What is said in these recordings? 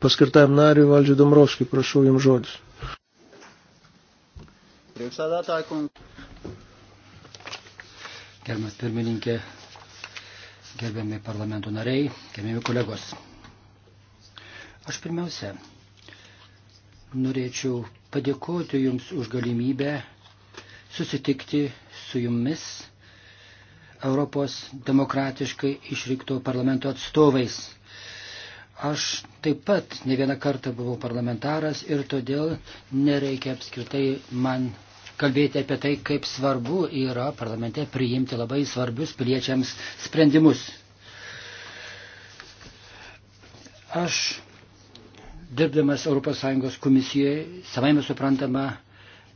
paskirtam nariui Valdžiu Dombrovskį. Prašau jums žodis. Gerbiamas pirmininkė, gerbiami parlamento nariai, gerbiami kolegos. Aš pirmiausia norėčiau padėkoti Jums už galimybę susitikti su Jumis Europos demokratiškai išrikto parlamento atstovais Aš taip pat ne vieną kartą buvau parlamentaras ir todėl nereikia apskritai man kalbėti apie tai, kaip svarbu yra parlamente priimti labai svarbius piliečiams sprendimus. Aš, dirbdamas ES komisijoje, savaime suprantama,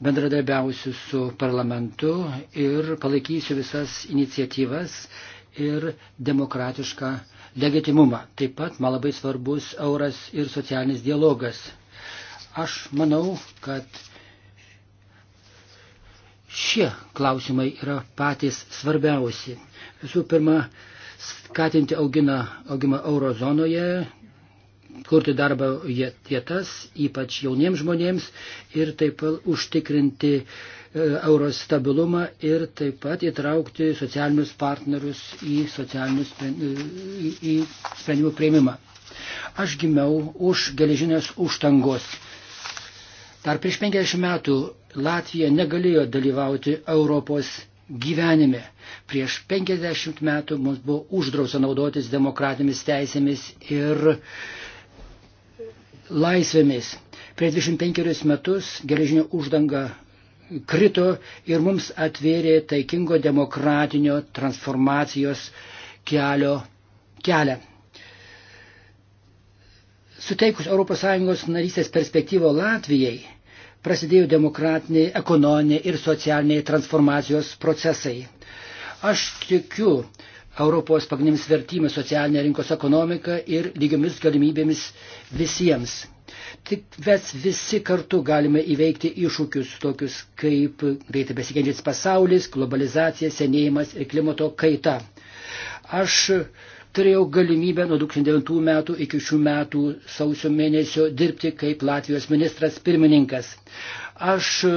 bendradarbiausiu su parlamentu ir palaikysiu visas iniciatyvas ir demokratišką legitimumą. Taip pat man labai svarbus euras ir socialinis dialogas. Aš manau, kad šie klausimai yra patys svarbiausi. Visų pirma, skatinti augina, augimą eurozonoje, kurti darbo vietas, ypač jauniems žmonėms ir taip pat užtikrinti e, euro stabilumą ir taip pat įtraukti socialinius partnerius į, socialinius, e, į, į sprendimų prieimimą. Aš gimiau už geležinės užtangos. Dar prieš 50 metų Latvija negalėjo dalyvauti Europos gyvenime. Prieš 50 metų mums buvo uždrausa naudotis demokratinėmis teisėmis ir laisvėmis. Prieš 25 metus geležinio uždanga krito ir mums atvėrė taikingo demokratinio transformacijos kelio kelią. Suteikus ES narystės perspektyvą Latvijai, prasidėjo demokratiniai, ekonominiai ir socialiniai transformacijos procesai. Aš tikiu, Europos pagrindinėmis vertybėmis socialinė rinkos ekonomika ir lygiomis galimybėmis visiems. Tik mes visi kartu galime įveikti iššūkius tokius kaip greitai besikeičiantis pasaulis, globalizacija, senėjimas ir klimato kaita. Aš turėjau galimybę nuo 2009 metų iki šių metų sausio mėnesio dirbti kaip Latvijos ministras pirmininkas. Aš e,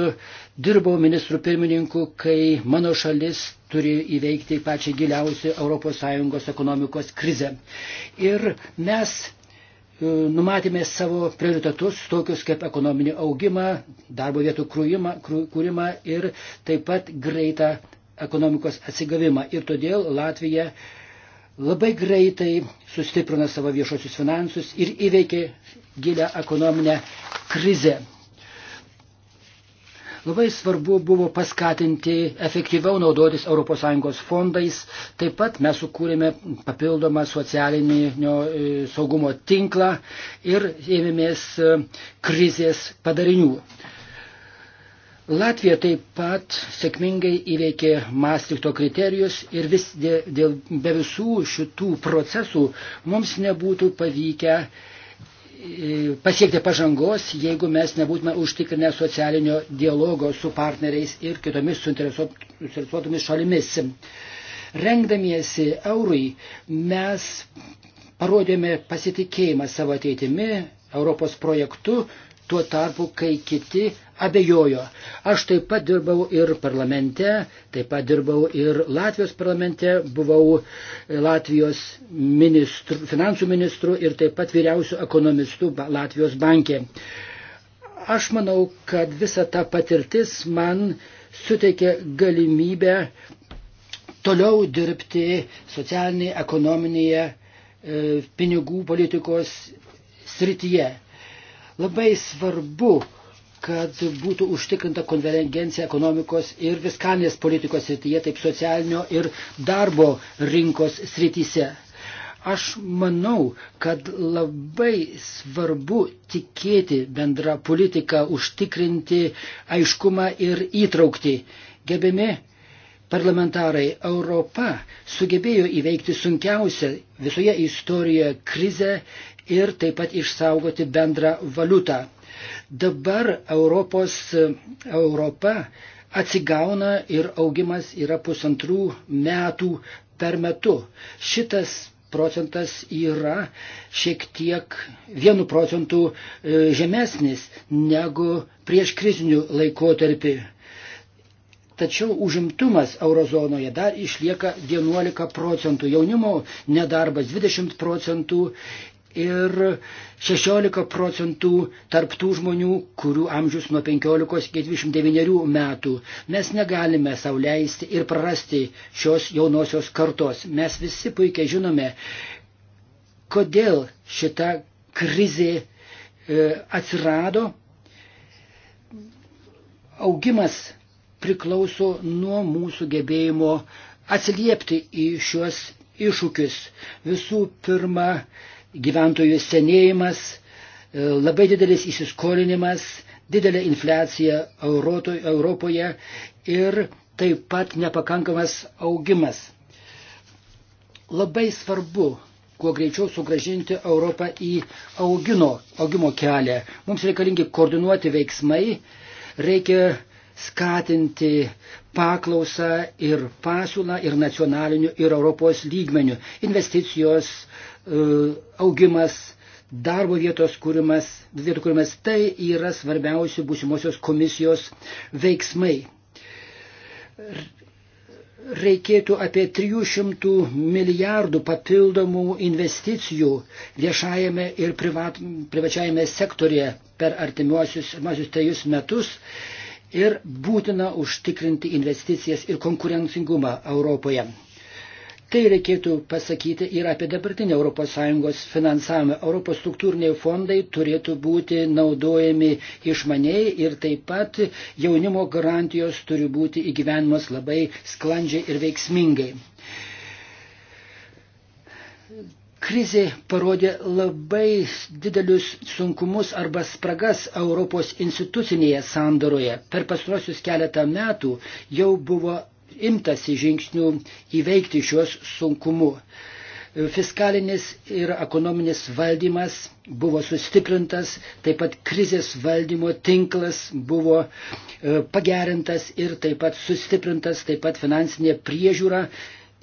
dirbau ministru pirmininku, kai mano šalis turi įveikti pačią giliausią ES ekonomikos krizę. Ir mes e, numatėme savo prioritetus, tokius kaip ekonominį augimą, darbo vietų krūjimą, kūrimą ir taip pat greitą ekonomikos atsigavimą. Ir todėl Latvija labai greitai sustiprino savo viešosius finansus ir įveikė gilę ekonominę krizę. Labai svarbu buvo paskatinti efektyviau naudotis ES fondais. Taip pat mes sukūrėme papildomą socialinio e, saugumo tinklą ir ėmėmės e, krizės padarinių. Latvija taip pat sėkmingai įveikė Maastrichto kriterijus ir vis dėl, dėl be visų šitų procesų mums nebūtų pavykę e, pasiekti pažangos, jeigu mes nebūtume užtikrinę socialinio dialogo su partneriais ir kitomis suinteresuotomis šalimis. Rengdamiesi eurui mes parodėme pasitikėjimą savo ateitimi, Europos projektu, tuo tarpu, kai kiti abejojo. Aš taip pat dirbau ir parlamente, taip pat dirbau ir Latvijos parlamente, buvau Latvijos ministru, finansų ministru ir taip pat vyriausių ekonomistų Latvijos bankė. Aš manau, kad visa ta patirtis man suteikė galimybę toliau dirbti socialinėje, ekonominėje, e, pinigų politikos srityje. Labai svarbu, kad būtų užtikrinta konvergencija ekonomikos ir fiskalinės politikos srityje, taip socialinio ir darbo rinkos srityse. Aš manau, kad labai svarbu tikėti bendrą politiką, užtikrinti aiškumą ir įtraukti. Gebimi parlamentarai, Europa sugebėjo įveikti sunkiausią visoje istorijoje krizę ir taip pat išsaugoti bendrą valiutą. Dabar Europos, Europa atsigauna ir augimas yra pusantrų metų per metu. Šitas procentas yra šiek tiek vienu procentu e, žemesnis negu prieš krizinių laikotarpį. Tačiau užimtumas eurozonoje dar išlieka 11 procentų, jaunimo nedarbas 20 procentų ir 16 procentų tarptų žmonių, kurių amžius nuo 15 iki 29 metų. Mes negalime sauliaisti ir prarasti šios jaunosios kartos. Mes visi puikiai žinome, kodėl šita krizė e, atsirado. Augimas priklauso nuo mūsų gebėjimo atsiliepti į šiuos iššūkius. Visų pirma, gyventojų senėjimas, e, labai didelis įsiskolinimas, didelė infliacija Europoje ir taip pat nepakankamas augimas. Labai svarbu kuo greičiau sugražinti Europą į augino, augimo kelią. Mums reikalingi koordinuoti veiksmai, reikia skatinti paklausą ir pasiūlą ir nacionaliniu, ir Europos lygmeniu. Investicijos, e, augimas, darbo vietos kūrimas, vietų kūrimas tai yra svarbiausi būsimosios komisijos veiksmai. Reikėtų apie 300 milijardų papildomų investicijų viešajame ir privat, privačiajame sektorėje per artimiausius trejus metus ir būtina užtikrinti investicijas ir konkurencingumą Europoje. Tai reikėtų pasakyti ir apie dabartinį ES finansavimą. Europos struktūriniai fondai turėtų būti naudojami išmaniai ir taip pat jaunimo garantijos turi būti įgyvenimas labai sklandžiai ir veiksmingai. Krizė parodė labai didelius sunkumus arba spragas Europos institucinėje sandoroje. Per pastarosius keletą metų jau buvo imtasi žingsnių įveikti šios sunkumu. Fiskalinis ir ekonominis valdymas buvo sustiprintas, taip pat krizės valdymo tinklas buvo e, pagerintas ir taip pat sustiprintas, taip pat finansinė priežiūra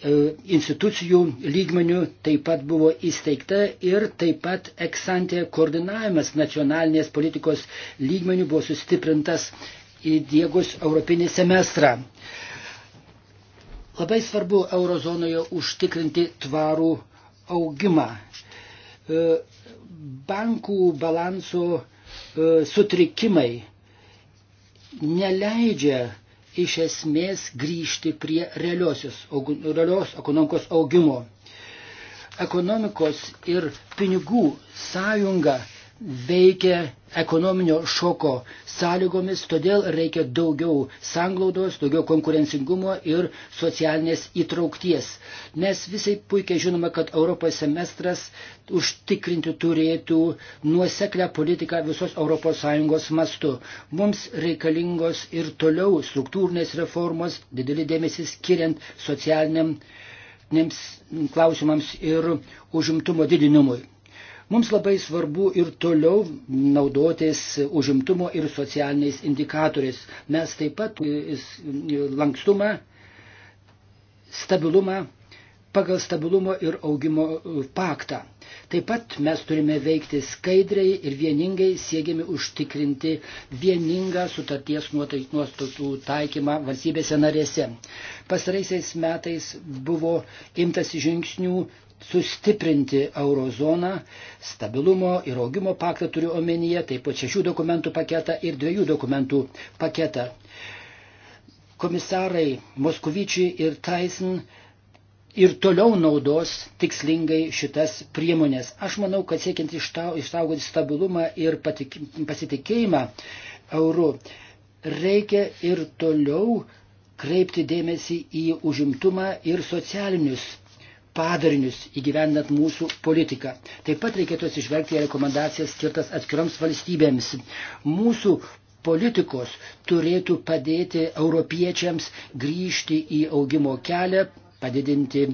E, institucijų lygmenių taip pat buvo įsteigta ir taip pat eksantė koordinavimas nacionalinės politikos lygmenių buvo sustiprintas įdėgus Europinį semestrą. Labai svarbu eurozonoje užtikrinti tvarų augimą. E, bankų balansų e, sutrikimai neleidžia iš esmės grįžti prie realiosios, realios ekonomikos augimo. Ekonomikos ir pinigų sąjunga veikia ekonominio šoko sąlygomis, todėl reikia daugiau sanglaudos, daugiau konkurencingumo ir socialinės įtraukties. Mes visai puikiai žinome, kad Europos semestras užtikrinti turėtų nuoseklę politiką visos ES mastu. Mums reikalingos ir toliau struktūrinės reformos, didelį dėmesį skiriant socialiniams klausimams ir užimtumo didinimui. Mums labai svarbu ir toliau naudotis užimtumo ir socialiniais indikatoriais. Mes taip pat e, e, lankstumą, stabilumą pagal stabilumo ir augimo e, paktą. Taip pat mes turime veikti skaidriai ir vieningai siekiami užtikrinti vieningą sutarties nuostatų taikymą valstybėse narėse. Pastaraisiais metais buvo imtas žingsnių sustiprinti eurozoną, stabilumo ir augimo paktą turiu omenyje, taip pat šešių dokumentų paketą ir dviejų dokumentų paketą. Komisarai Moskovičiai ir Tyson ir toliau naudos tikslingai šitas priemonės. Aš manau, kad siekiant išsaugoti stabilumą ir pasitikėjimą eurų, reikia ir toliau kreipti dėmesį į užimtumą ir socialinius padarinius įgyvendant mūsų politiką. Taip pat reikėtų atsižvelgti į rekomendacijas skirtas atskiroms valstybėms. Mūsų politikos turėtų padėti europiečiams grįžti į augimo kelią, padidinti e,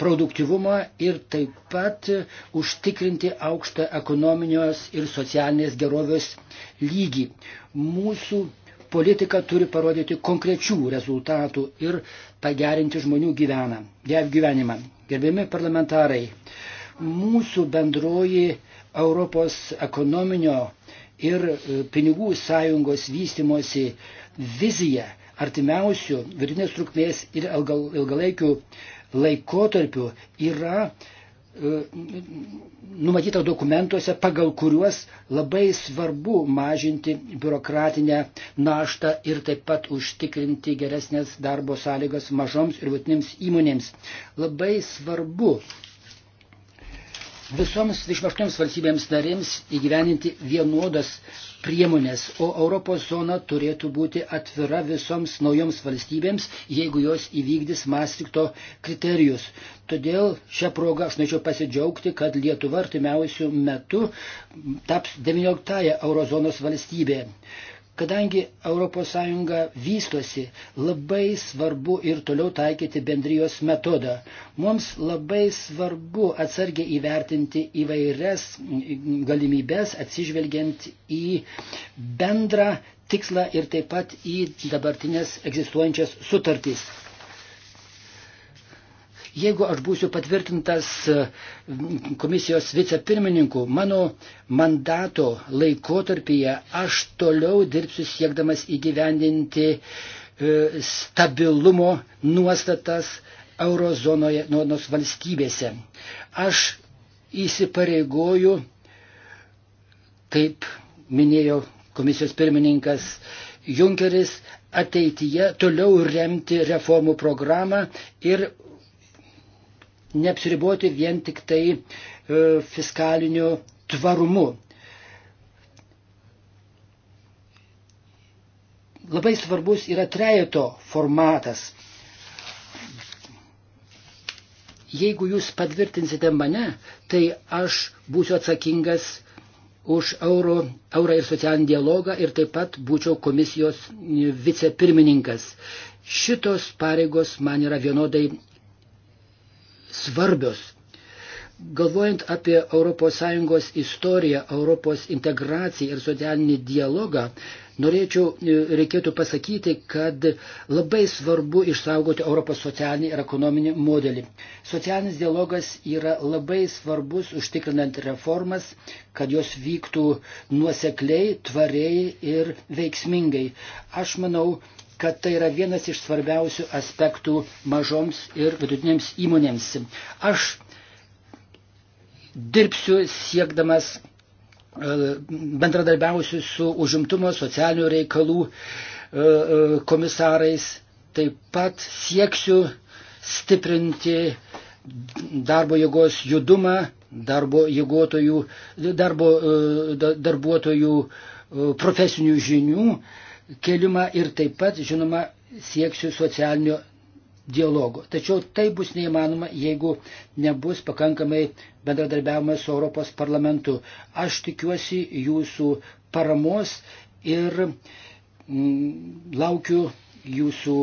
produktivumą ir taip pat e, užtikrinti aukštą ekonominios ir socialinės gerovės lygį. Mūsų politika turi parodyti konkrečių rezultatų ir pagerinti žmonių gyveną, gyvenimą. Gerbiami parlamentarai, mūsų bendroji Europos ekonominio ir e, pinigų sąjungos vystimosi vizija artimiausių vidutinės trukmės ir ilgalaikių laikotarpių yra e, numatyta dokumentuose, pagal kuriuos labai svarbu mažinti biurokratinę naštą ir taip pat užtikrinti geresnės darbo sąlygas mažoms ir vidutinėms įmonėms. Labai svarbu visoms 28 valstybėms narėms įgyveninti vienodas priemonės, o Europos zona turėtų būti atvira visoms naujoms valstybėms, jeigu jos įvykdys Maastrichto kriterijus. Todėl šią progą aš norėčiau pasidžiaugti, kad Lietuva artimiausių metų taps 19-ąją eurozonos valstybė. Kadangi ES vystosi, labai svarbu ir toliau taikyti bendrijos metodą. Mums labai svarbu atsargiai įvertinti įvairias galimybės atsižvelgiant į bendrą tikslą ir taip pat į dabartinės egzistuojančias sutartys. Jeigu aš būsiu patvirtintas e, komisijos vicepirmininku, mano mandato laikotarpyje aš toliau dirbsiu siekdamas įgyvendinti e, stabilumo nuostatas eurozonoje nuodos valstybėse. Aš įsipareigoju, kaip minėjo komisijos pirmininkas Junkeris, ateityje toliau remti reformų programą ir neapsiriboti vien tik tai e, fiskaliniu tvarumu. Labai svarbus yra trejeto formatas. Jeigu jūs patvirtinsite mane, tai aš būsiu atsakingas už euro, eurą ir socialinį dialogą ir taip pat būčiau komisijos vicepirmininkas. Šitos pareigos man yra vienodai svarbios. Galvojant apie ES istoriją, Europos integraciją ir socialinį dialogą, norėčiau, e, reikėtų pasakyti, kad labai svarbu išsaugoti Europos socialinį ir ekonominį modelį. Socialinis dialogas yra labai svarbus užtikrinant reformas, kad jos vyktų nuosekliai, tvariai ir veiksmingai. Aš manau, kad tai yra vienas iš svarbiausių aspektų mažoms ir vidutinėms įmonėms. Aš dirbsiu siekdamas e, bendradarbiausiu su užimtumo socialinių reikalų e, e, komisarais, taip pat sieksiu stiprinti darbo jėgos judumą, darbo, jėgotojų, darbo darbuotojų profesinių žinių keliumą ir taip pat, žinoma, sieksiu socialinio dialogo. Tačiau tai bus neįmanoma, jeigu nebus pakankamai bendradarbiavimas su Europos parlamentu. Aš tikiuosi jūsų paramos ir mm, laukiu jūsų